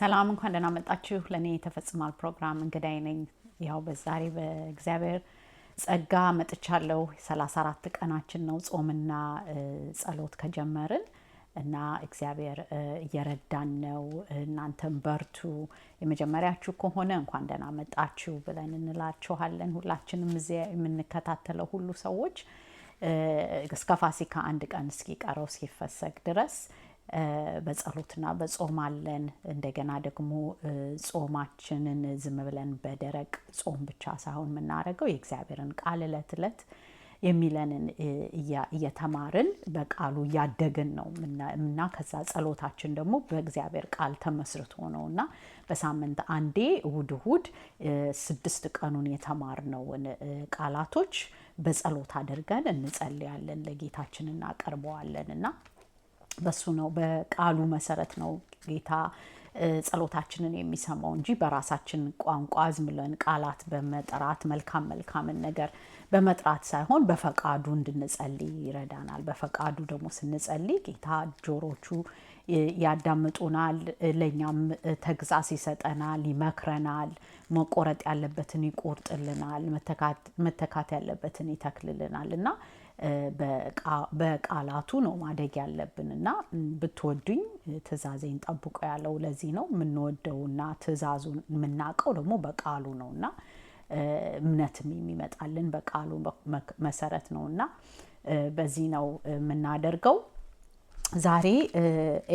ሰላም እንኳን ደህና መጣችሁ። ለእኔ የተፈጽሟል ፕሮግራም እንግዳይ ነኝ። ያው በዛሬ በእግዚአብሔር ጸጋ መጥቻለሁ። ሰላሳ አራት ቀናችን ነው ጾምና ጸሎት ከጀመርን እና እግዚአብሔር እየረዳን ነው። እናንተን በርቱ። የመጀመሪያችሁ ከሆነ እንኳን ደህና መጣችሁ ብለን እንላችኋለን። ሁላችንም እዚያ የምንከታተለው ሁሉ ሰዎች እስከ ፋሲካ አንድ ቀን እስኪቀረው እስኪፈሰግ ድረስ በጸሎትና በጾም አለን። እንደገና ደግሞ ጾማችንን ዝም ብለን በደረቅ ጾም ብቻ ሳይሆን የምናደርገው የእግዚአብሔርን ቃል እለት እለት የሚለንን እየተማርን በቃሉ እያደግን ነው እና ከዛ ጸሎታችን ደግሞ በእግዚአብሔር ቃል ተመስርቶ ነው እና በሳምንት አንዴ እሁድ እሁድ ስድስት ቀኑን የተማርነውን ቃላቶች በጸሎት አድርገን እንጸልያለን፣ ለጌታችን እናቀርበዋለን እና በሱ ነው በቃሉ መሰረት ነው ጌታ ጸሎታችንን የሚሰማው እንጂ በራሳችን ቋንቋ ዝም ብለን ቃላት በመጥራት መልካም መልካምን ነገር በመጥራት ሳይሆን በፈቃዱ እንድንጸልይ ይረዳናል። በፈቃዱ ደግሞ ስንጸልይ ጌታ ጆሮቹ ያዳምጡናል፣ ለእኛም ተግዛስ ይሰጠናል፣ ይመክረናል፣ መቆረጥ ያለበትን ይቆርጥልናል፣ መተካት ያለበትን ይተክልልናል እና በቃላቱ ነው ማደግ ያለብን እና ብትወዱኝ ትእዛዜን ጠብቆ ያለው ለዚህ ነው። የምንወደውና ትእዛዙን የምናውቀው ደግሞ በቃሉ ነው እና እምነትም የሚመጣልን በቃሉ መሰረት ነው እና በዚህ ነው የምናደርገው። ዛሬ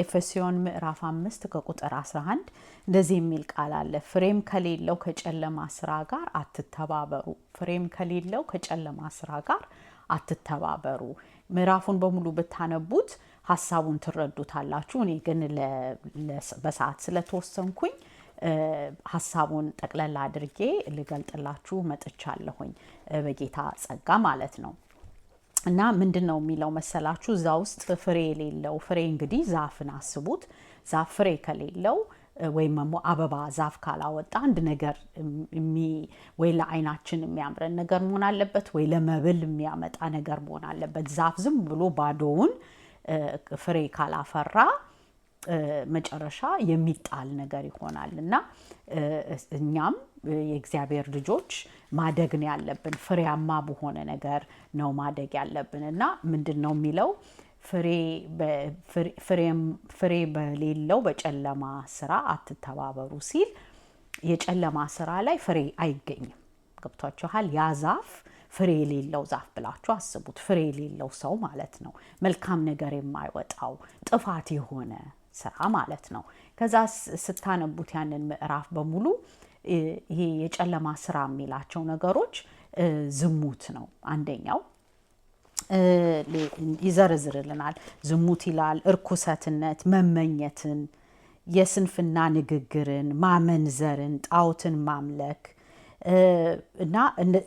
ኤፌሲዮን ምዕራፍ አምስት ከቁጥር 11 እንደዚህ የሚል ቃል አለ። ፍሬም ከሌለው ከጨለማ ስራ ጋር አትተባበሩ። ፍሬም ከሌለው ከጨለማ ስራ ጋር አትተባበሩ። ምዕራፉን በሙሉ ብታነቡት ሀሳቡን ትረዱታላችሁ። እኔ ግን በሰዓት ስለተወሰንኩኝ ሀሳቡን ጠቅለላ አድርጌ ልገልጥላችሁ መጥቻለሁኝ በጌታ ጸጋ ማለት ነው። እና ምንድን ነው የሚለው መሰላችሁ እዛ ውስጥ ፍሬ የሌለው ፍሬ እንግዲህ ዛፍን አስቡት። ዛፍ ፍሬ ከሌለው ወይም ደግሞ አበባ ዛፍ ካላወጣ አንድ ነገር ወይ ለአይናችን የሚያምረን ነገር መሆን አለበት፣ ወይ ለመብል የሚያመጣ ነገር መሆን አለበት። ዛፍ ዝም ብሎ ባዶውን ፍሬ ካላፈራ መጨረሻ የሚጣል ነገር ይሆናል እና እኛም የእግዚአብሔር ልጆች ማደግ ነው ያለብን። ፍሬያማ በሆነ ነገር ነው ማደግ ያለብን እና ምንድን ነው የሚለው ፍሬ በሌለው በጨለማ ስራ አትተባበሩ ሲል የጨለማ ስራ ላይ ፍሬ አይገኝም። ገብቷችኋል? ያ ዛፍ ፍሬ የሌለው ዛፍ ብላችሁ አስቡት። ፍሬ የሌለው ሰው ማለት ነው። መልካም ነገር የማይወጣው ጥፋት የሆነ ስራ ማለት ነው። ከዛ ስታነቡት ያንን ምዕራፍ በሙሉ ይሄ የጨለማ ስራ የሚላቸው ነገሮች ዝሙት ነው አንደኛው ይዘረዝርልናል። ዝሙት ይላል፣ እርኩሰትነት፣ መመኘትን፣ የስንፍና ንግግርን፣ ማመንዘርን፣ ጣዖትን ማምለክ እና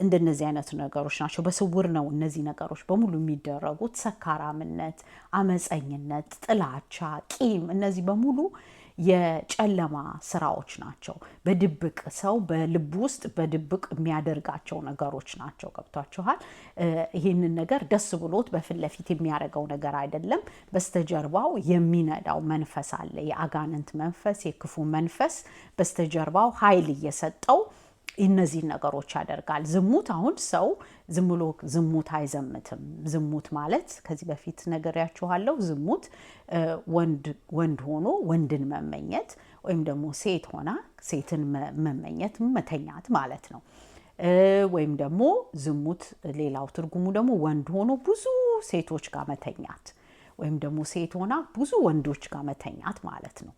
እንደነዚህ አይነት ነገሮች ናቸው። በስውር ነው እነዚህ ነገሮች በሙሉ የሚደረጉት። ሰካራምነት፣ አመፀኝነት፣ ጥላቻ፣ ቂም እነዚህ በሙሉ የጨለማ ስራዎች ናቸው። በድብቅ ሰው በልብ ውስጥ በድብቅ የሚያደርጋቸው ነገሮች ናቸው። ገብቷችኋል? ይህንን ነገር ደስ ብሎት በፊት ለፊት የሚያደርገው ነገር አይደለም። በስተጀርባው የሚነዳው መንፈስ አለ። የአጋንንት መንፈስ፣ የክፉ መንፈስ በስተጀርባው ኃይል እየሰጠው እነዚህን ነገሮች ያደርጋል። ዝሙት አሁን ሰው ዝም ብሎ ዝሙት አይዘምትም። ዝሙት ማለት ከዚህ በፊት ነግሬያችኋለሁ። ዝሙት ወንድ ሆኖ ወንድን መመኘት ወይም ደግሞ ሴት ሆና ሴትን መመኘት መተኛት ማለት ነው። ወይም ደግሞ ዝሙት ሌላው ትርጉሙ ደግሞ ወንድ ሆኖ ብዙ ሴቶች ጋር መተኛት ወይም ደግሞ ሴት ሆና ብዙ ወንዶች ጋር መተኛት ማለት ነው።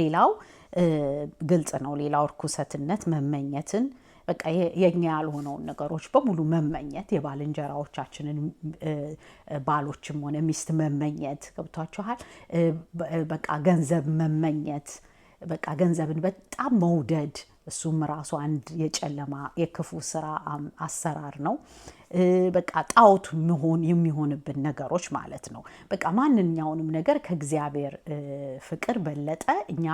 ሌላው ግልጽ ነው። ሌላው እርኩሰትነት መመኘትን በቃ የኛ ያልሆነውን ነገሮች በሙሉ መመኘት የባልንጀራዎቻችንን ባሎችም ሆነ ሚስት መመኘት ገብቷችኋል። በቃ ገንዘብ መመኘት በቃ ገንዘብን በጣም መውደድ እሱም ራሱ አንድ የጨለማ የክፉ ስራ አሰራር ነው። በቃ ጣዖት መሆን የሚሆንብን ነገሮች ማለት ነው። በቃ ማንኛውንም ነገር ከእግዚአብሔር ፍቅር በለጠ እኛ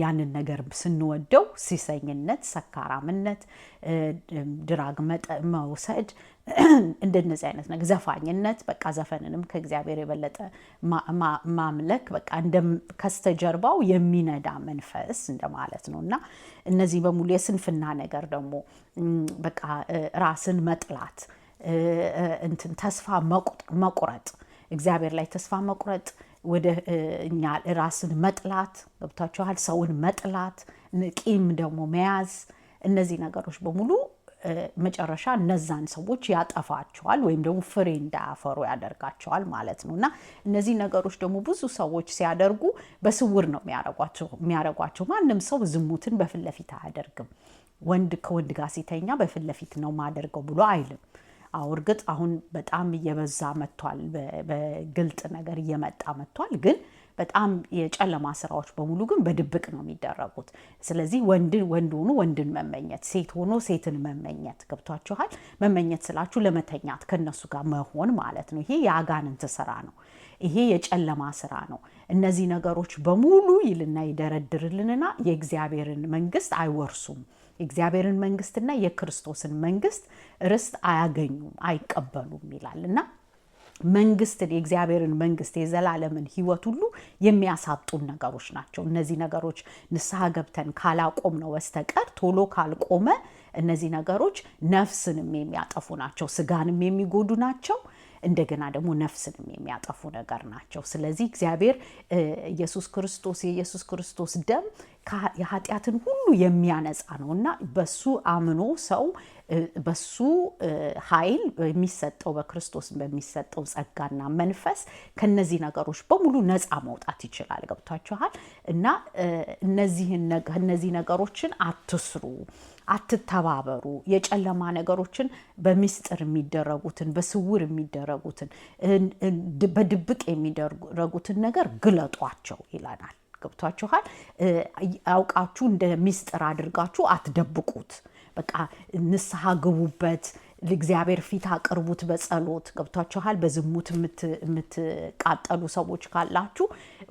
ያንን ነገር ስንወደው ሲሰኝነት፣ ሰካራምነት፣ ድራግ መውሰድ እንደነዚህ አይነት ነገር ዘፋኝነት፣ በቃ ዘፈንንም ከእግዚአብሔር የበለጠ ማምለክ በቃ ከስተጀርባው የሚነዳ መንፈስ እንደማለት ነው እና እነዚህ በሙሉ የስንፍና ነገር ደግሞ በቃ ራስን መጥላት እንትን ተስፋ መቁረጥ እግዚአብሔር ላይ ተስፋ መቁረጥ ወደ እኛ ራስን መጥላት ገብቷችኋል። ሰውን መጥላት፣ ቂም ደግሞ መያዝ፣ እነዚህ ነገሮች በሙሉ መጨረሻ እነዛን ሰዎች ያጠፋቸዋል ወይም ደግሞ ፍሬ እንዳያፈሩ ያደርጋቸዋል ማለት ነው። እና እነዚህ ነገሮች ደግሞ ብዙ ሰዎች ሲያደርጉ በስውር ነው የሚያደርጓቸው። ማንም ሰው ዝሙትን በፊት ለፊት አያደርግም። ወንድ ከወንድ ጋር ሲተኛ በፊት ለፊት ነው ማደርገው ብሎ አይልም። አዎ እርግጥ አሁን በጣም እየበዛ መጥቷል፣ በግልጥ ነገር እየመጣ መጥቷል። ግን በጣም የጨለማ ስራዎች በሙሉ ግን በድብቅ ነው የሚደረጉት። ስለዚህ ወንድን ወንድ ሆኖ ወንድን መመኘት፣ ሴት ሆኖ ሴትን መመኘት ገብቷችኋል። መመኘት ስላችሁ ለመተኛት ከነሱ ጋር መሆን ማለት ነው። ይሄ የአጋንንት ስራ ነው። ይሄ የጨለማ ስራ ነው። እነዚህ ነገሮች በሙሉ ይልና ይደረድርልንና የእግዚአብሔርን መንግስት አይወርሱም። የእግዚአብሔርን መንግስትና የክርስቶስን መንግስት ርስት አያገኙም፣ አይቀበሉም ይላል እና መንግስትን የእግዚአብሔርን መንግስት የዘላለምን ህይወት ሁሉ የሚያሳጡን ነገሮች ናቸው። እነዚህ ነገሮች ንስሐ ገብተን ካላቆም ነው በስተቀር ቶሎ ካልቆመ እነዚህ ነገሮች ነፍስንም የሚያጠፉ ናቸው፣ ስጋንም የሚጎዱ ናቸው። እንደገና ደግሞ ነፍስንም የሚያጠፉ ነገር ናቸው። ስለዚህ እግዚአብሔር ኢየሱስ ክርስቶስ የኢየሱስ ክርስቶስ ደም የኃጢአትን ሁሉ የሚያነጻ ነው እና በሱ አምኖ ሰው በሱ ኃይል በሚሰጠው በክርስቶስ በሚሰጠው ጸጋና መንፈስ ከነዚህ ነገሮች በሙሉ ነፃ መውጣት ይችላል። ገብቷችኋል? እና እነዚህ ነገሮችን አትስሩ አትተባበሩ። የጨለማ ነገሮችን በምስጢር የሚደረጉትን በስውር የሚደረጉትን በድብቅ የሚደረጉትን ነገር ግለጧቸው ይለናል። ገብቷችኋል? አውቃችሁ እንደ ሚስጥር አድርጋችሁ አትደብቁት። በቃ ንስሐ ግቡበት። ለእግዚአብሔር ፊት አቅርቡት በጸሎት ገብቷችኋል። በዝሙት የምትቃጠሉ ሰዎች ካላችሁ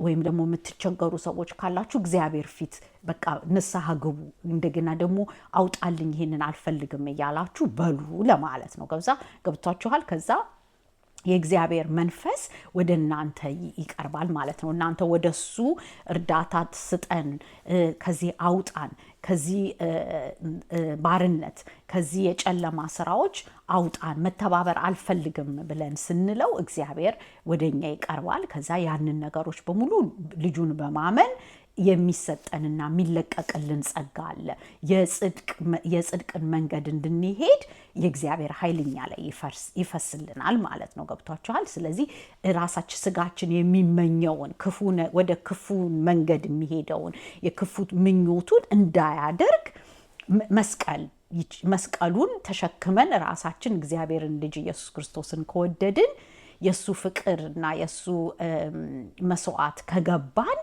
ወይም ደግሞ የምትቸገሩ ሰዎች ካላችሁ እግዚአብሔር ፊት በቃ ንስሐ ግቡ። እንደገና ደግሞ አውጣልኝ ይሄንን አልፈልግም እያላችሁ በሉ ለማለት ነው። ገብዛ ገብቷችኋል ከዛ የእግዚአብሔር መንፈስ ወደ እናንተ ይቀርባል ማለት ነው። እናንተ ወደ እሱ እርዳታ ስጠን፣ ከዚህ አውጣን፣ ከዚህ ባርነት፣ ከዚህ የጨለማ ስራዎች አውጣን፣ መተባበር አልፈልግም ብለን ስንለው እግዚአብሔር ወደኛ ይቀርባል። ከዛ ያንን ነገሮች በሙሉ ልጁን በማመን የሚሰጠንና የሚለቀቅልን ጸጋ አለ። የጽድቅን መንገድ እንድንሄድ የእግዚአብሔር ኃይል እኛ ላይ ይፈስልናል ማለት ነው። ገብቷችኋል? ስለዚህ ራሳችን ስጋችን የሚመኘውን ወደ ክፉን መንገድ የሚሄደውን የክፉ ምኞቱን እንዳያደርግ መስቀል መስቀሉን ተሸክመን ራሳችን እግዚአብሔርን ልጅ ኢየሱስ ክርስቶስን ከወደድን የእሱ ፍቅርና የእሱ መስዋዕት ከገባን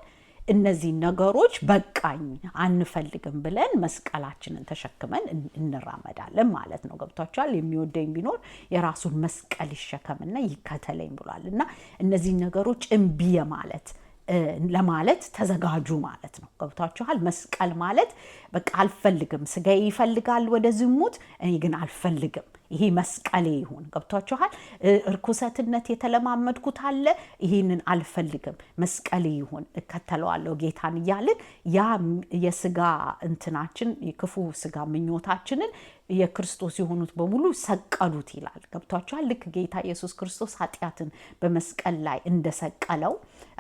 እነዚህ ነገሮች በቃኝ አንፈልግም ብለን መስቀላችንን ተሸክመን እንራመዳለን ማለት ነው። ገብቷቸዋል። የሚወደኝ ቢኖር የራሱን መስቀል ይሸከምና ይከተለኝ ብሏል እና እነዚህ ነገሮች እምቢ የማለት ለማለት ተዘጋጁ ማለት ነው። ገብቷችኋል? መስቀል ማለት በቃ አልፈልግም፣ ስጋዬ ይፈልጋል ወደ ዝሙት፣ እኔ ግን አልፈልግም። ይሄ መስቀሌ ይሁን። ገብቷችኋል? እርኩሰትነት የተለማመድኩት አለ፣ ይህንን አልፈልግም፣ መስቀሌ ይሁን፣ እከተለዋለሁ ጌታን እያልን ያ የስጋ እንትናችን የክፉ ስጋ ምኞታችንን የክርስቶስ የሆኑት በሙሉ ሰቀሉት ይላል። ገብቷቸዋል። ልክ ጌታ ኢየሱስ ክርስቶስ ኃጢአትን በመስቀል ላይ እንደሰቀለው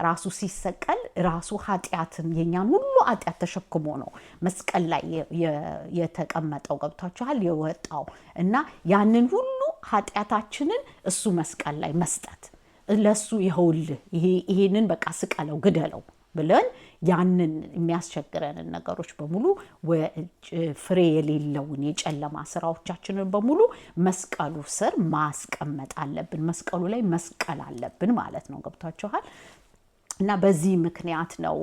ራሱ ሲሰቀል ራሱ ኃጢአትን የኛን ሁሉ ኃጢአት ተሸክሞ ነው መስቀል ላይ የተቀመጠው። ገብቷቸዋል። የወጣው እና ያንን ሁሉ ኃጢአታችንን እሱ መስቀል ላይ መስጠት ለሱ ይኸውልህ ይሄንን በቃ ስቀለው፣ ግደለው ብለን ያንን የሚያስቸግረንን ነገሮች በሙሉ ፍሬ የሌለውን የጨለማ ስራዎቻችንን በሙሉ መስቀሉ ስር ማስቀመጥ አለብን። መስቀሉ ላይ መስቀል አለብን ማለት ነው። ገብቷችኋል? እና በዚህ ምክንያት ነው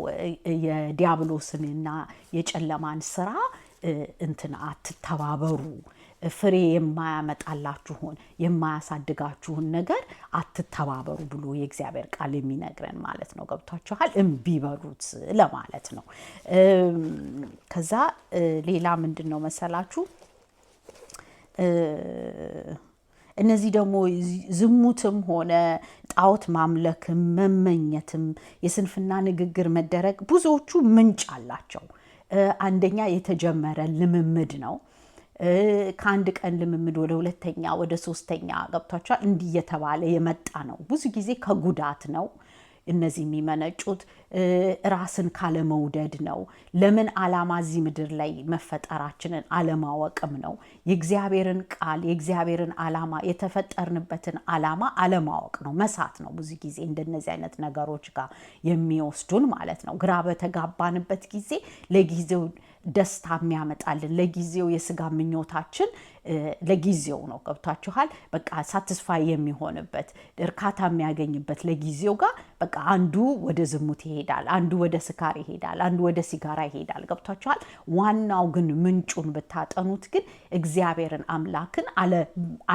የዲያብሎስንና የጨለማን ስራ እንትን አትተባበሩ ፍሬ የማያመጣላችሁን የማያሳድጋችሁን ነገር አትተባበሩ ብሎ የእግዚአብሔር ቃል የሚነግረን ማለት ነው። ገብቷችኋል? እምቢ በሉት ለማለት ነው። ከዛ ሌላ ምንድን ነው መሰላችሁ እነዚህ ደግሞ ዝሙትም ሆነ ጣዖት ማምለክም መመኘትም የስንፍና ንግግር መደረግ ብዙዎቹ ምንጭ አላቸው። አንደኛ የተጀመረ ልምምድ ነው። ከአንድ ቀን ልምምድ ወደ ሁለተኛ ወደ ሶስተኛ ገብቷቸዋል። እንዲህ እየተባለ የመጣ ነው። ብዙ ጊዜ ከጉዳት ነው እነዚህ የሚመነጩት ራስን ካለመውደድ ነው። ለምን ዓላማ እዚህ ምድር ላይ መፈጠራችንን አለማወቅም ነው። የእግዚአብሔርን ቃል የእግዚአብሔርን ዓላማ የተፈጠርንበትን ዓላማ አለማወቅ ነው፣ መሳት ነው። ብዙ ጊዜ እንደነዚህ አይነት ነገሮች ጋር የሚወስዱን ማለት ነው። ግራ በተጋባንበት ጊዜ ለጊዜው ደስታ የሚያመጣልን ለጊዜው የስጋ ምኞታችን ለጊዜው ነው። ገብቷችኋል? በቃ ሳትስፋይ የሚሆንበት እርካታ የሚያገኝበት ለጊዜው ጋር በቃ አንዱ ወደ ዝሙት ይሄዳል፣ አንዱ ወደ ስካር ይሄዳል፣ አንዱ ወደ ሲጋራ ይሄዳል። ገብቷችኋል? ዋናው ግን ምንጩን ብታጠኑት ግን እግዚአብሔርን አምላክን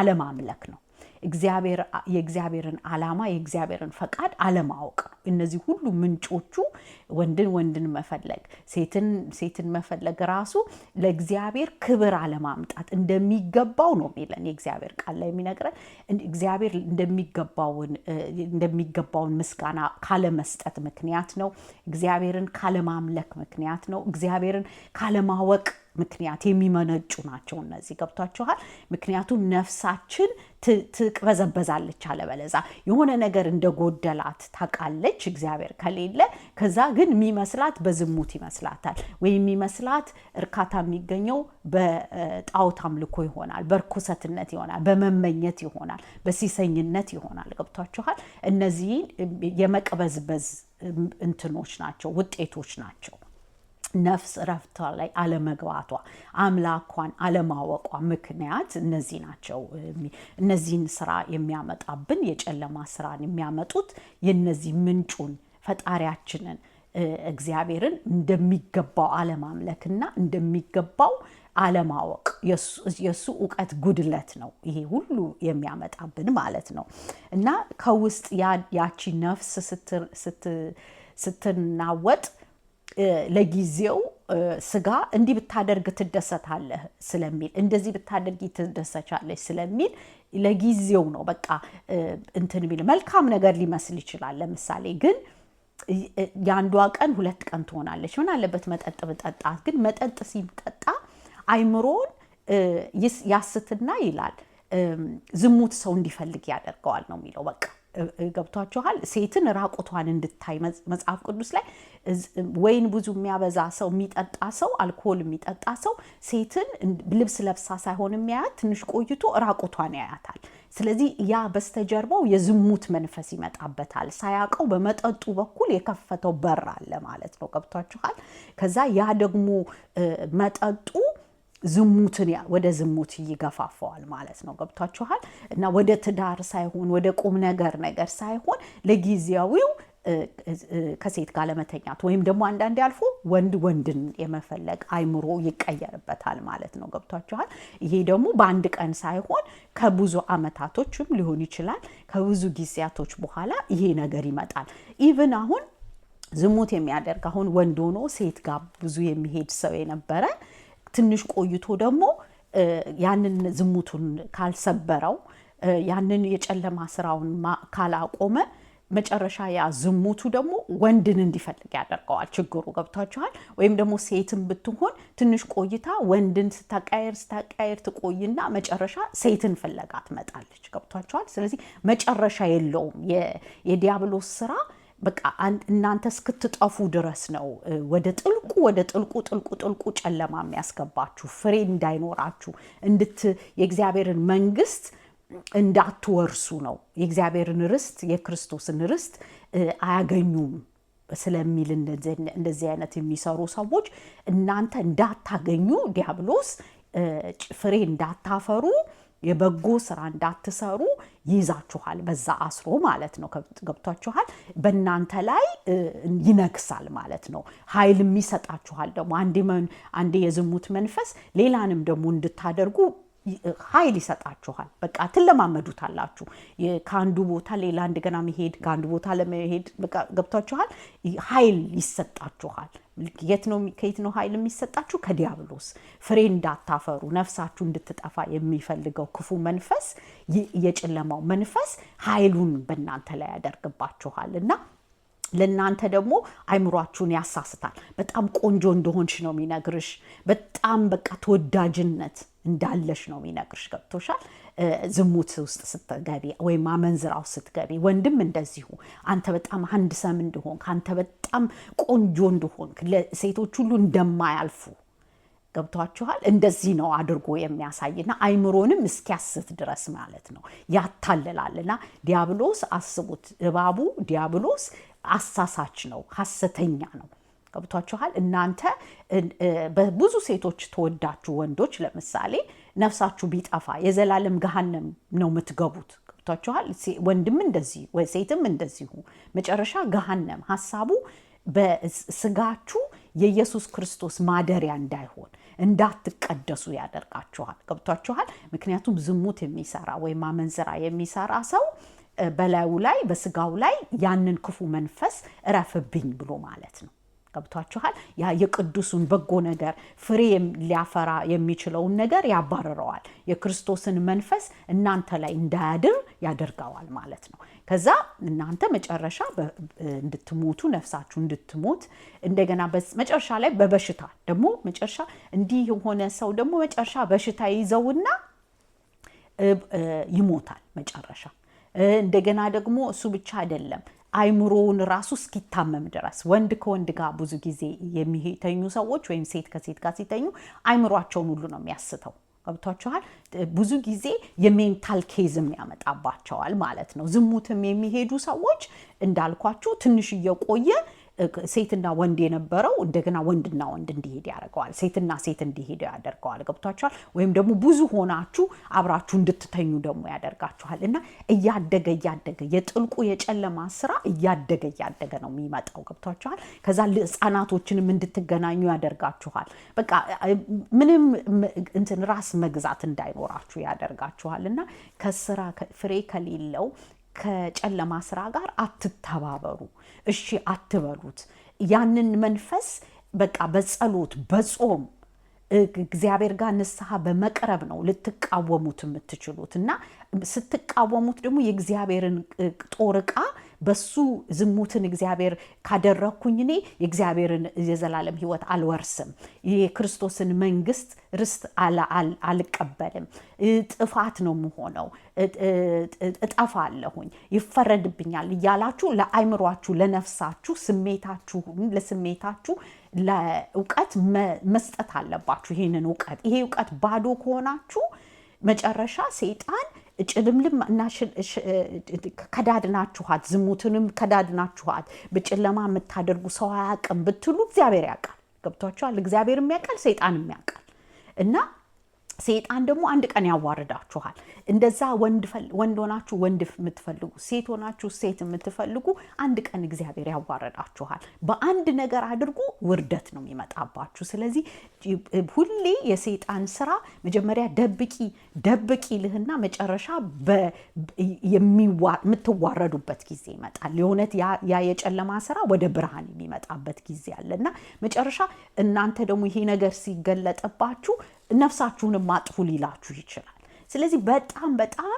አለማምለክ ነው። የእግዚአብሔርን ዓላማ የእግዚአብሔርን ፈቃድ አለማወቅ ነው። እነዚህ ሁሉ ምንጮቹ ወንድን ወንድን መፈለግ፣ ሴትን ሴትን መፈለግ ራሱ ለእግዚአብሔር ክብር አለማምጣት እንደሚገባው ነው የሚለን የእግዚአብሔር ቃል ላይ የሚነግረን እግዚአብሔር እንደሚገባውን ምስጋና ካለመስጠት ምክንያት ነው። እግዚአብሔርን ካለማምለክ ምክንያት ነው። እግዚአብሔርን ካለማወቅ ምክንያት የሚመነጩ ናቸው እነዚህ። ገብቷችኋል? ምክንያቱም ነፍሳችን ትቅበዘበዛለች አለበለዛ የሆነ ነገር እንደ ጎደላት ታውቃለች እግዚአብሔር ከሌለ። ከዛ ግን የሚመስላት በዝሙት ይመስላታል፣ ወይም የሚመስላት እርካታ የሚገኘው በጣዖት አምልኮ ይሆናል፣ በርኩሰትነት ይሆናል፣ በመመኘት ይሆናል፣ በሲሰኝነት ይሆናል። ገብቷችኋል? እነዚህ የመቅበዝበዝ እንትኖች ናቸው፣ ውጤቶች ናቸው። ነፍስ ረፍቷ ላይ አለመግባቷ አምላኳን አለማወቋ ምክንያት እነዚህ ናቸው። እነዚህን ስራ የሚያመጣብን የጨለማ ስራን የሚያመጡት የነዚህ ምንጩን ፈጣሪያችንን እግዚአብሔርን እንደሚገባው አለማምለክና እንደሚገባው አለማወቅ የእሱ እውቀት ጉድለት ነው። ይሄ ሁሉ የሚያመጣብን ማለት ነው እና ከውስጥ ያቺ ነፍስ ስትናወጥ ለጊዜው ስጋ እንዲህ ብታደርግ ትደሰታለህ ስለሚል እንደዚህ ብታደርጊ ትደሰቻለች ስለሚል ለጊዜው ነው በቃ እንትን የሚል መልካም ነገር ሊመስል ይችላል። ለምሳሌ ግን የአንዷ ቀን ሁለት ቀን ትሆናለች። ምን አለበት መጠጥ ብጠጣ። ግን መጠጥ ሲጠጣ አይምሮን ያስትና ይላል ዝሙት ሰው እንዲፈልግ ያደርገዋል ነው የሚለው በቃ ገብቷችኋል። ሴትን ራቁቷን እንድታይ መጽሐፍ ቅዱስ ላይ ወይን ብዙ የሚያበዛ ሰው የሚጠጣ ሰው አልኮል የሚጠጣ ሰው ሴትን ልብስ ለብሳ ሳይሆን የሚያያት ትንሽ ቆይቶ ራቁቷን ያያታል። ስለዚህ ያ በስተጀርባው የዝሙት መንፈስ ይመጣበታል። ሳያውቀው በመጠጡ በኩል የከፈተው በር አለ ማለት ነው። ገብቷችኋል። ከዛ ያ ደግሞ መጠጡ ዝሙትን ወደ ዝሙት ይገፋፈዋል ማለት ነው። ገብቷችኋል? እና ወደ ትዳር ሳይሆን ወደ ቁም ነገር ነገር ሳይሆን ለጊዜያዊው ከሴት ጋር ለመተኛት ወይም ደግሞ አንዳንዴ አልፎ ወንድ ወንድን የመፈለግ አይምሮ ይቀየርበታል ማለት ነው። ገብቷችኋል? ይሄ ደግሞ በአንድ ቀን ሳይሆን ከብዙ አመታቶችም ሊሆን ይችላል ከብዙ ጊዜያቶች በኋላ ይሄ ነገር ይመጣል። ኢቭን አሁን ዝሙት የሚያደርግ አሁን ወንድ ሆኖ ሴት ጋር ብዙ የሚሄድ ሰው የነበረ ትንሽ ቆይቶ ደግሞ ያንን ዝሙቱን ካልሰበረው ያንን የጨለማ ስራውን ካላቆመ መጨረሻ ያ ዝሙቱ ደግሞ ወንድን እንዲፈልግ ያደርገዋል። ችግሩ ገብቷችኋል? ወይም ደግሞ ሴትን ብትሆን ትንሽ ቆይታ ወንድን ስታቃየር ስታቃየር ትቆይና መጨረሻ ሴትን ፍለጋ ትመጣለች። ገብቷችኋል? ስለዚህ መጨረሻ የለውም የዲያብሎስ ስራ በቃ እናንተ እስክትጠፉ ድረስ ነው ወደ ጥልቁ ወደ ጥልቁ ጥልቁ ጥልቁ ጨለማ የሚያስገባችሁ ፍሬ እንዳይኖራችሁ እንድት የእግዚአብሔርን መንግስት እንዳትወርሱ ነው። የእግዚአብሔርን ርስት የክርስቶስን ርስት አያገኙም ስለሚል እንደዚህ አይነት የሚሰሩ ሰዎች እናንተ እንዳታገኙ ዲያብሎስ ፍሬ እንዳታፈሩ የበጎ ስራ እንዳትሰሩ ይይዛችኋል። በዛ አስሮ ማለት ነው። ገብቷችኋል። በእናንተ ላይ ይነግሳል ማለት ነው። ኃይልም ይሰጣችኋል ደግሞ አንዴ የዝሙት መንፈስ ሌላንም ደግሞ እንድታደርጉ ኃይል ይሰጣችኋል። በቃ አላችሁ። ከአንዱ ቦታ ሌላ እንደገና መሄድ፣ ከአንዱ ቦታ ለመሄድ ገብቷችኋል። ኃይል ይሰጣችኋል። ከየት ነው ኃይል የሚሰጣችሁ? ከዲያብሎስ። ፍሬ እንዳታፈሩ ነፍሳችሁ እንድትጠፋ የሚፈልገው ክፉ መንፈስ፣ የጨለማው መንፈስ ኃይሉን በእናንተ ላይ ያደርግባችኋል እና ለእናንተ ደግሞ አይምሯችሁን ያሳስታል። በጣም ቆንጆ እንደሆንሽ ነው የሚነግርሽ። በጣም በቃ ተወዳጅነት እንዳለሽ ነው የሚነግርሽ። ገብቶሻል? ዝሙት ውስጥ ስትገቢ ወይም አመንዝራው ስትገቢ፣ ወንድም እንደዚሁ አንተ በጣም አንድ ሰም እንደሆንክ፣ አንተ በጣም ቆንጆ እንደሆንክ ለሴቶች ሁሉ እንደማያልፉ ገብቷችኋል? እንደዚህ ነው አድርጎ የሚያሳይና አይምሮንም እስኪያስት ድረስ ማለት ነው ያታልላልና፣ ዲያብሎስ አስቡት፣ እባቡ ዲያብሎስ አሳሳች ነው፣ ሀሰተኛ ነው። ገብቷችኋል። እናንተ በብዙ ሴቶች ተወዳችሁ ወንዶች ለምሳሌ ነፍሳችሁ ቢጠፋ የዘላለም ገሃነም ነው የምትገቡት። ገብቷችኋል። ወንድም እንደዚሁ ሴትም እንደዚሁ መጨረሻ ገሃነም ሀሳቡ በስጋችሁ የኢየሱስ ክርስቶስ ማደሪያ እንዳይሆን እንዳትቀደሱ ያደርጋችኋል። ገብቷችኋል። ምክንያቱም ዝሙት የሚሰራ ወይም አመንዝራ የሚሰራ ሰው በላዩ ላይ በስጋው ላይ ያንን ክፉ መንፈስ እረፍብኝ ብሎ ማለት ነው። ገብቷችኋል? ያ የቅዱሱን በጎ ነገር ፍሬ ሊያፈራ የሚችለውን ነገር ያባርረዋል። የክርስቶስን መንፈስ እናንተ ላይ እንዳያድር ያደርገዋል ማለት ነው። ከዛ እናንተ መጨረሻ እንድትሞቱ ነፍሳችሁ እንድትሞት እንደገና መጨረሻ ላይ በበሽታ ደግሞ መጨረሻ እንዲህ የሆነ ሰው ደግሞ መጨረሻ በሽታ ይዘውና ይሞታል መጨረሻ እንደገና ደግሞ እሱ ብቻ አይደለም አይምሮውን ራሱ እስኪታመም ድረስ ወንድ ከወንድ ጋር ብዙ ጊዜ የሚተኙ ሰዎች ወይም ሴት ከሴት ጋር ሲተኙ አይምሯቸውን ሁሉ ነው የሚያስተው። ገብቷችኋል? ብዙ ጊዜ የሜንታል ኬዝም ያመጣባቸዋል ማለት ነው። ዝሙትም የሚሄዱ ሰዎች እንዳልኳችሁ ትንሽ እየቆየ ሴትና ወንድ የነበረው እንደገና ወንድና ወንድ እንዲሄድ ያደርገዋል። ሴትና ሴት እንዲሄድ ያደርገዋል። ገብቷቸዋል። ወይም ደግሞ ብዙ ሆናችሁ አብራችሁ እንድትተኙ ደግሞ ያደርጋችኋል። እና እያደገ እያደገ የጥልቁ የጨለማ ስራ እያደገ እያደገ ነው የሚመጣው። ገብቷቸዋል። ከዛ ህጻናቶችንም እንድትገናኙ ያደርጋችኋል። በቃ ምንም እንትን ራስ መግዛት እንዳይኖራችሁ ያደርጋችኋል። እና ከስራ ፍሬ ከሌለው ከጨለማ ስራ ጋር አትተባበሩ፣ እሺ አትበሉት። ያንን መንፈስ በቃ በጸሎት በጾም እግዚአብሔር ጋር ንስሐ በመቅረብ ነው ልትቃወሙት የምትችሉት እና ስትቃወሙት ደግሞ የእግዚአብሔርን ጦር ዕቃ በሱ ዝሙትን እግዚአብሔር ካደረግኩኝ እኔ የእግዚአብሔርን የዘላለም ሕይወት አልወርስም፣ የክርስቶስን መንግስት ርስት አልቀበልም፣ ጥፋት ነው የምሆነው፣ እጠፋለሁኝ፣ ይፈረድብኛል እያላችሁ ለአይምሯችሁ፣ ለነፍሳችሁ፣ ስሜታችሁ ለስሜታችሁ ለእውቀት መስጠት አለባችሁ። ይህንን እውቀት ይሄ እውቀት ባዶ ከሆናችሁ መጨረሻ ሰይጣን ጭልምልም ከዳድናችኋት፣ ዝሙትንም ከዳድናችኋት፣ በጨለማ የምታደርጉ ሰው አያውቅም ብትሉ እግዚአብሔር ያውቃል። ገብቷችኋል? እግዚአብሔርም ያውቃል፣ ሰይጣንም ያውቃል እና ሴጣን ደግሞ አንድ ቀን ያዋርዳችኋል። እንደዛ ወንድ ሆናችሁ ወንድ የምትፈልጉ ሴት ሆናችሁ ሴት የምትፈልጉ አንድ ቀን እግዚአብሔር ያዋርዳችኋል። በአንድ ነገር አድርጉ ውርደት ነው የሚመጣባችሁ። ስለዚህ ሁሌ የሴጣን ስራ መጀመሪያ ደብቂ ደብቂ ልህና መጨረሻ የምትዋረዱበት ጊዜ ይመጣል። የእውነት ያ የጨለማ ስራ ወደ ብርሃን የሚመጣበት ጊዜ አለ እና መጨረሻ እናንተ ደግሞ ይሄ ነገር ሲገለጥባችሁ ነፍሳችሁንም አጥፉ ሊላችሁ ይችላል። ስለዚህ በጣም በጣም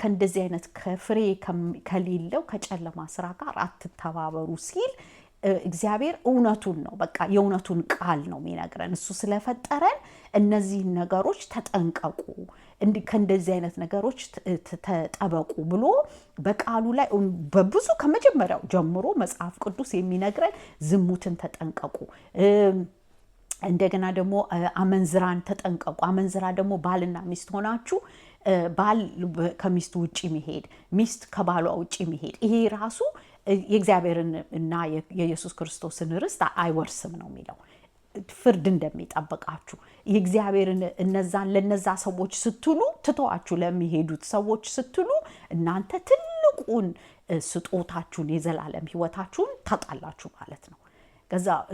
ከእንደዚህ አይነት ከፍሬ ከሌለው ከጨለማ ስራ ጋር አትተባበሩ ሲል እግዚአብሔር እውነቱን ነው። በቃ የእውነቱን ቃል ነው የሚነግረን። እሱ ስለፈጠረን እነዚህን ነገሮች ተጠንቀቁ፣ ከእንደዚህ አይነት ነገሮች ተጠበቁ ብሎ በቃሉ ላይ በብዙ ከመጀመሪያው ጀምሮ መጽሐፍ ቅዱስ የሚነግረን ዝሙትን ተጠንቀቁ እንደገና ደግሞ አመንዝራን ተጠንቀቁ። አመንዝራ ደግሞ ባልና ሚስት ሆናችሁ ባል ከሚስቱ ውጭ መሄድ፣ ሚስት ከባሏ ውጭ መሄድ፣ ይሄ ራሱ የእግዚአብሔርን እና የኢየሱስ ክርስቶስን ርስት አይወርስም ነው የሚለው ፍርድ እንደሚጠብቃችሁ የእግዚአብሔርን እነዛን ለነዛ ሰዎች ስትሉ ትተዋችሁ ለሚሄዱት ሰዎች ስትሉ እናንተ ትልቁን ስጦታችሁን የዘላለም ሕይወታችሁን ታጣላችሁ ማለት ነው።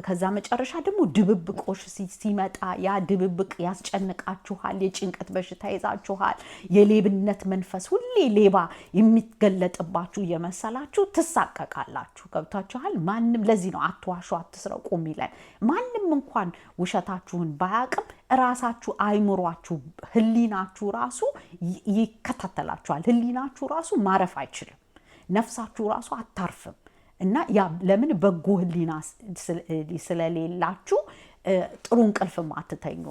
ከዛ መጨረሻ ደግሞ ድብብቆሽ ሲመጣ ያ ድብብቅ ያስጨንቃችኋል። የጭንቀት በሽታ ይዛችኋል። የሌብነት መንፈስ ሁሌ ሌባ የሚገለጥባችሁ እየመሰላችሁ ትሳቀቃላችሁ። ገብታችኋል። ማንም ለዚህ ነው አትዋሹ፣ አትስረቁ የሚለን። ማንም እንኳን ውሸታችሁን ባያቅም ራሳችሁ አይምሯችሁ፣ ህሊናችሁ ራሱ ይከታተላችኋል። ህሊናችሁ ራሱ ማረፍ አይችልም። ነፍሳችሁ ራሱ አታርፍም። እና ያ ለምን በጎ ህሊና ስለሌላችሁ ጥሩ እንቅልፍም ማትተኙ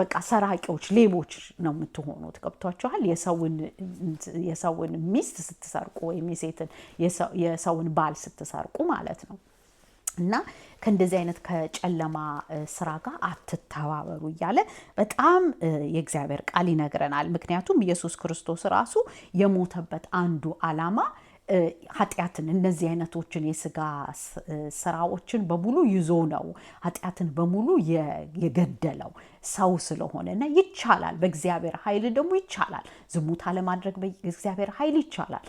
በቃ ሰራቂዎች፣ ሌቦች ነው የምትሆኑት። ገብቷችኋል? የሰውን ሚስት ስትሰርቁ ወይም የሴትን የሰውን ባል ስትሰርቁ ማለት ነው። እና ከእንደዚህ አይነት ከጨለማ ስራ ጋር አትተባበሩ እያለ በጣም የእግዚአብሔር ቃል ይነግረናል። ምክንያቱም ኢየሱስ ክርስቶስ ራሱ የሞተበት አንዱ አላማ ። ኃጢአትን እነዚህ አይነቶችን የስጋ ስራዎችን በሙሉ ይዞ ነው ኃጢአትን በሙሉ የገደለው። ሰው ስለሆነ እና ይቻላል። በእግዚአብሔር ኃይል ደግሞ ይቻላል። ዝሙት አለማድረግ በእግዚአብሔር ኃይል ይቻላል።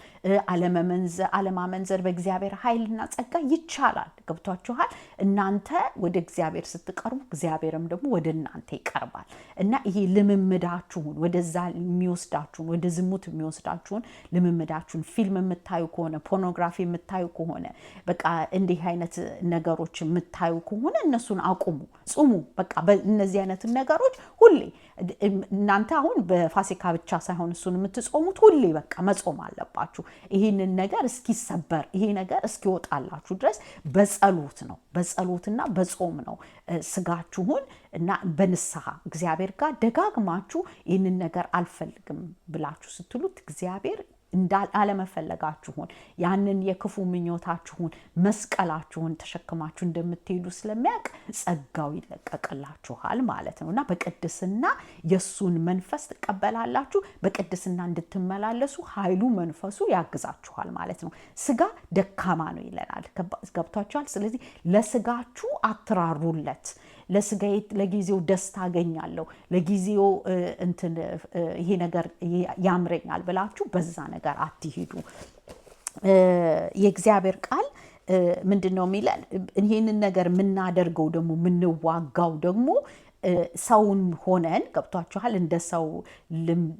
አለማመንዘር በእግዚአብሔር ኃይልና ጸጋ ይቻላል። ገብቷችኋል? እናንተ ወደ እግዚአብሔር ስትቀርቡ እግዚአብሔርም ደግሞ ወደ እናንተ ይቀርባል እና ይሄ ልምምዳችሁን ወደዛ የሚወስዳችሁን ወደ ዝሙት የሚወስዳችሁን ልምምዳችሁን ፊልም የምታዩ ከሆነ ፖርኖግራፊ የምታዩ ከሆነ በቃ እንዲህ አይነት ነገሮች የምታዩ ከሆነ እነሱን አቁሙ፣ ጽሙ። በቃ እነዚህ አይነት አይነትን ነገሮች ሁሌ እናንተ አሁን በፋሲካ ብቻ ሳይሆን እሱን የምትጾሙት ሁሌ በቃ መጾም አለባችሁ። ይህንን ነገር እስኪሰበር ይሄ ነገር እስኪወጣላችሁ ድረስ በጸሎት ነው፣ በጸሎትና በጾም ነው ስጋችሁን እና በንስሐ እግዚአብሔር ጋር ደጋግማችሁ ይህንን ነገር አልፈልግም ብላችሁ ስትሉት እግዚአብሔር አለመፈለጋችሁን ያንን የክፉ ምኞታችሁን መስቀላችሁን ተሸክማችሁ እንደምትሄዱ ስለሚያውቅ ጸጋው ይለቀቅላችኋል ማለት ነው እና በቅድስና የእሱን መንፈስ ትቀበላላችሁ። በቅድስና እንድትመላለሱ ኃይሉ መንፈሱ ያግዛችኋል ማለት ነው። ስጋ ደካማ ነው ይለናል። ገብቷችኋል? ስለዚህ ለስጋችሁ አትራሩለት። ለስጋዬ ለጊዜው ደስታ አገኛለሁ፣ ለጊዜው እንትን ይሄ ነገር ያምረኛል ብላችሁ በዛ ነገር አትሄዱ የእግዚአብሔር ቃል ምንድን ነው የሚለን? ይህንን ነገር የምናደርገው ደግሞ የምንዋጋው ደግሞ ሰውን ሆነን ገብቷችኋል። እንደ ሰው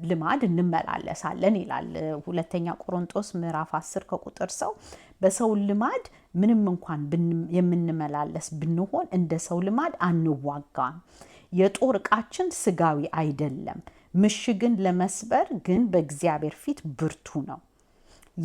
ልማድ እንመላለሳለን ይላል ሁለተኛ ቆሮንጦስ ምዕራፍ 10 ከቁጥር ሰው በሰው ልማድ ምንም እንኳን የምንመላለስ ብንሆን እንደ ሰው ልማድ አንዋጋም። የጦር እቃችን ስጋዊ አይደለም። ምሽግን ለመስበር ግን በእግዚአብሔር ፊት ብርቱ ነው።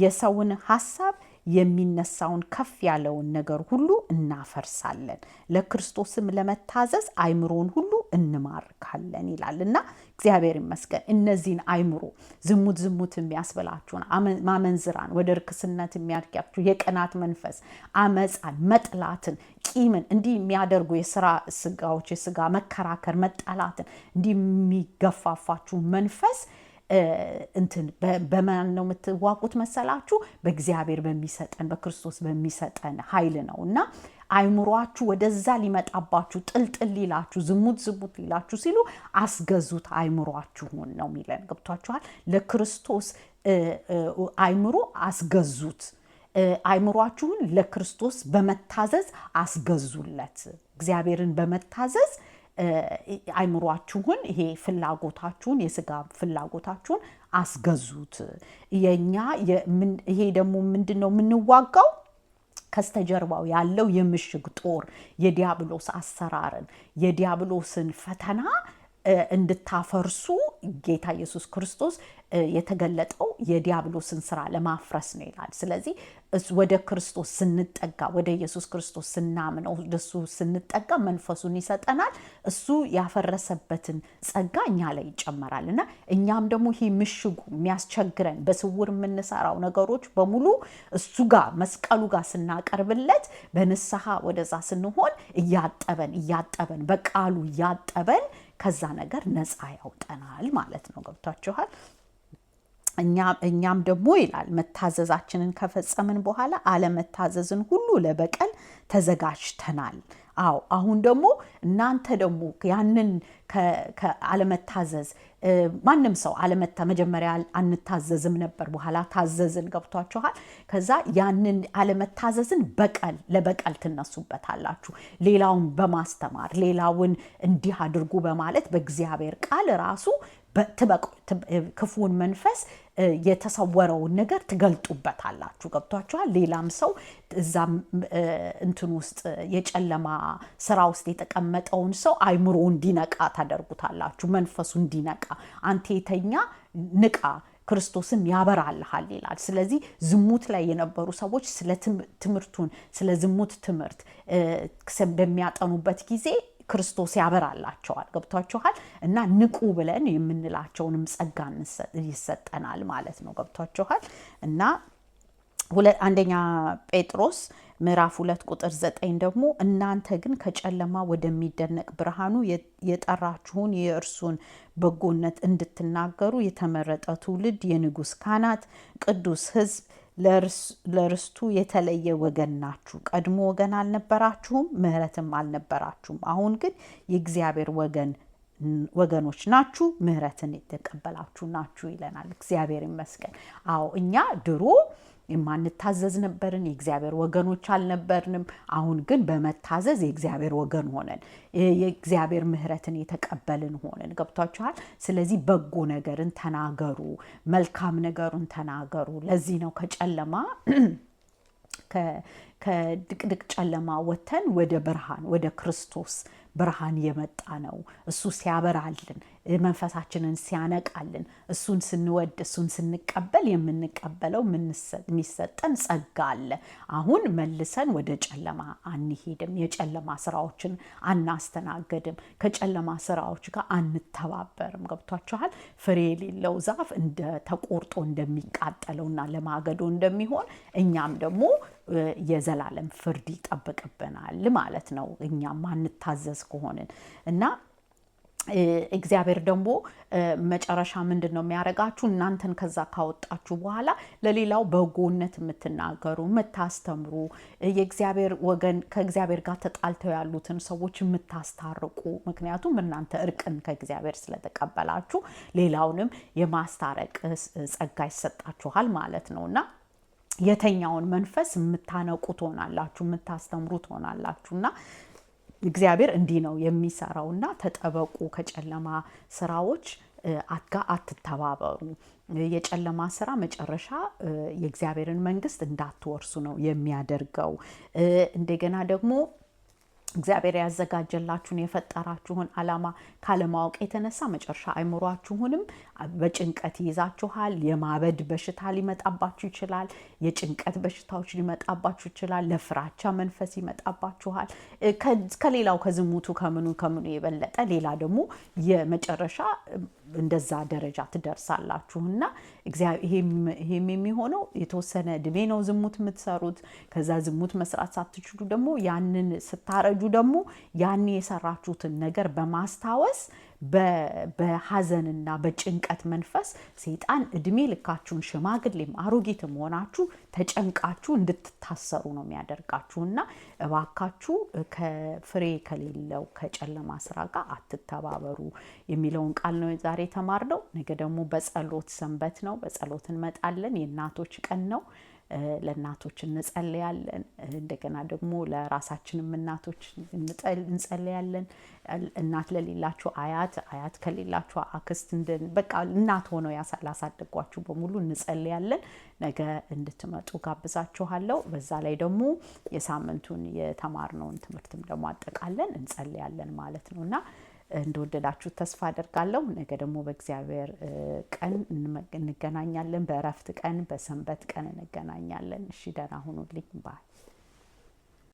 የሰውን ሀሳብ የሚነሳውን ከፍ ያለውን ነገር ሁሉ እናፈርሳለን። ለክርስቶስም ለመታዘዝ አይምሮን ሁሉ እንማርካለን ይላል እና እግዚአብሔር ይመስገን። እነዚህን አይምሮ ዝሙት ዝሙት የሚያስብላችሁን፣ ማመንዝራን፣ ወደ ርክስነት የሚያድጋችሁ የቅናት መንፈስ፣ አመፃን፣ መጥላትን፣ ቂምን እንዲህ የሚያደርጉ የስራ ስጋዎች፣ የስጋ መከራከር፣ መጠላትን እንዲህ የሚገፋፋችሁ መንፈስ እንትን በማን ነው የምትዋቁት መሰላችሁ? በእግዚአብሔር በሚሰጠን በክርስቶስ በሚሰጠን ኃይል ነው እና አይምሯችሁ ወደዛ ሊመጣባችሁ ጥልጥል ሊላችሁ ዝሙት ዝሙት ሊላችሁ ሲሉ አስገዙት አይምሯችሁን ነው የሚለን። ገብቷችኋል? ለክርስቶስ አይምሮ አስገዙት። አይምሯችሁን ለክርስቶስ በመታዘዝ አስገዙለት። እግዚአብሔርን በመታዘዝ አይምሯችሁን ይሄ ፍላጎታችሁን የስጋ ፍላጎታችሁን አስገዙት። የኛ ይሄ ደግሞ ምንድን ነው የምንዋጋው ከስተጀርባው ያለው የምሽግ ጦር የዲያብሎስ አሰራርን የዲያብሎስን ፈተና እንድታፈርሱ ጌታ ኢየሱስ ክርስቶስ የተገለጠው የዲያብሎስን ስራ ለማፍረስ ነው ይላል። ስለዚህ ወደ ክርስቶስ ስንጠጋ፣ ወደ ኢየሱስ ክርስቶስ ስናምነው፣ ወደሱ ስንጠጋ መንፈሱን ይሰጠናል። እሱ ያፈረሰበትን ጸጋ እኛ ላይ ይጨመራል እና እኛም ደግሞ ይሄ ምሽጉ የሚያስቸግረን በስውር የምንሰራው ነገሮች በሙሉ እሱ ጋር መስቀሉ ጋር ስናቀርብለት በንስሐ ወደዛ ስንሆን እያጠበን እያጠበን በቃሉ እያጠበን ከዛ ነገር ነፃ ያውጠናል ማለት ነው። ገብቷችኋል? እኛም ደግሞ ይላል መታዘዛችንን ከፈጸምን በኋላ አለመታዘዝን ሁሉ ለበቀል ተዘጋጅተናል። አዎ አሁን ደግሞ እናንተ ደግሞ ያንን አለመታዘዝ ማንም ሰው አለመታ መጀመሪያ አንታዘዝም ነበር፣ በኋላ ታዘዝን። ገብቷችኋል? ከዛ ያንን አለመታዘዝን በቀል ለበቀል ትነሱበታላችሁ። ሌላውን በማስተማር ሌላውን እንዲህ አድርጉ በማለት በእግዚአብሔር ቃል ራሱ ክፉን መንፈስ የተሰወረውን ነገር ትገልጡበታላችሁ። ገብቷችኋል? ሌላም ሰው እዛም እንትን ውስጥ የጨለማ ስራ ውስጥ የተቀመጠውን ሰው አይምሮ እንዲነቃ ታደርጉታላችሁ። መንፈሱ እንዲነቃ አንተ የተኛ ንቃ ክርስቶስም ያበራልሃል ይላል። ስለዚህ ዝሙት ላይ የነበሩ ሰዎች ስለ ትምህርቱን ስለ ዝሙት ትምህርት በሚያጠኑበት ጊዜ ክርስቶስ ያበራላቸዋል። ገብቷችኋል? እና ንቁ ብለን የምንላቸውንም ጸጋ ይሰጠናል ማለት ነው። ገብቷችኋል? እና አንደኛ ጴጥሮስ ምዕራፍ ሁለት ቁጥር ዘጠኝ ደግሞ እናንተ ግን ከጨለማ ወደሚደነቅ ብርሃኑ የጠራችሁን የእርሱን በጎነት እንድትናገሩ የተመረጠ ትውልድ፣ የንጉስ ካህናት፣ ቅዱስ ሕዝብ ለርስቱ የተለየ ወገን ናችሁ። ቀድሞ ወገን አልነበራችሁም፣ ምህረትም አልነበራችሁም። አሁን ግን የእግዚአብሔር ወገን ወገኖች ናችሁ፣ ምህረትን የተቀበላችሁ ናችሁ ይለናል። እግዚአብሔር ይመስገን። አዎ እኛ ድሮ የማንታዘዝ ነበርን። የእግዚአብሔር ወገኖች አልነበርንም። አሁን ግን በመታዘዝ የእግዚአብሔር ወገን ሆነን የእግዚአብሔር ምሕረትን የተቀበልን ሆነን ገብቷችኋል። ስለዚህ በጎ ነገርን ተናገሩ፣ መልካም ነገሩን ተናገሩ። ለዚህ ነው ከጨለማ ከድቅድቅ ጨለማ ወጥተን ወደ ብርሃን ወደ ክርስቶስ ብርሃን የመጣ ነው። እሱ ሲያበራልን መንፈሳችንን ሲያነቃልን እሱን ስንወድ እሱን ስንቀበል የምንቀበለው የሚሰጠን ጸጋ አለ። አሁን መልሰን ወደ ጨለማ አንሄድም። የጨለማ ስራዎችን አናስተናገድም። ከጨለማ ስራዎች ጋር አንተባበርም። ገብቷችኋል? ፍሬ የሌለው ዛፍ እንደ ተቆርጦ እንደሚቃጠለውና ለማገዶ እንደሚሆን እኛም ደግሞ የዘላለም ፍርድ ይጠብቅብናል ማለት ነው። እኛም አንታዘዝ ከሆንን እና እግዚአብሔር ደግሞ መጨረሻ ምንድን ነው የሚያደርጋችሁ? እናንተን ከዛ ካወጣችሁ በኋላ ለሌላው በጎነት የምትናገሩ የምታስተምሩ፣ የእግዚአብሔር ወገን ከእግዚአብሔር ጋር ተጣልተው ያሉትን ሰዎች የምታስታርቁ፣ ምክንያቱም እናንተ እርቅን ከእግዚአብሔር ስለተቀበላችሁ ሌላውንም የማስታረቅ ጸጋ ይሰጣችኋል ማለት ነው እና የተኛውን መንፈስ የምታነቁ ትሆናላችሁ፣ የምታስተምሩ ትሆናላችሁ እና እግዚአብሔር እንዲህ ነው የሚሰራው እና ተጠበቁ፣ ከጨለማ ስራዎች አትጋ አትተባበሩ። የጨለማ ስራ መጨረሻ የእግዚአብሔርን መንግስት እንዳትወርሱ ነው የሚያደርገው። እንደገና ደግሞ እግዚአብሔር ያዘጋጀላችሁን የፈጠራችሁን ዓላማ ካለማወቅ የተነሳ መጨረሻ አይምሯችሁንም በጭንቀት ይይዛችኋል። የማበድ በሽታ ሊመጣባችሁ ይችላል። የጭንቀት በሽታዎች ሊመጣባችሁ ይችላል። ለፍራቻ መንፈስ ይመጣባችኋል። ከሌላው ከዝሙቱ ከምኑ ከምኑ የበለጠ ሌላ ደግሞ የመጨረሻ እንደዛ ደረጃ ትደርሳላችሁ እና ይሄም የሚሆነው የተወሰነ እድሜ ነው ዝሙት የምትሰሩት። ከዛ ዝሙት መስራት ሳትችሉ ደግሞ ያንን ስታረጁ ደግሞ ያን የሰራችሁትን ነገር በማስታወስ በሀዘንና በጭንቀት መንፈስ ሰይጣን እድሜ ልካችሁን ሽማግሌም አሮጊት መሆናችሁ ተጨንቃችሁ እንድትታሰሩ ነው የሚያደርጋችሁ። እና እባካችሁ ከፍሬ ከሌለው ከጨለማ ስራ ጋር አትተባበሩ የሚለውን ቃል ነው ዛሬ የተማርነው። ነገ ደግሞ በጸሎት ሰንበት ነው። በጸሎት እንመጣለን። የእናቶች ቀን ነው። ለእናቶች እንጸለያለን እንደገና ደግሞ ለራሳችንም እናቶች እንጸለያለን። እናት ለሌላችሁ አያት፣ አያት ከሌላችሁ አክስት፣ በቃ እናት ሆነው ላሳደጓችሁ በሙሉ እንጸለያለን ነገ እንድትመጡ ጋብዛችኋለሁ። በዛ ላይ ደግሞ የሳምንቱን የተማርነውን ትምህርትም ደግሞ አጠቃለን እንጸለያለን ማለት ነው እና እንደወደዳችሁት ተስፋ አደርጋለሁ። ነገ ደግሞ በእግዚአብሔር ቀን እንገናኛለን። በእረፍት ቀን፣ በሰንበት ቀን እንገናኛለን። እሺ፣ ደህና ሁኑልኝ ባይ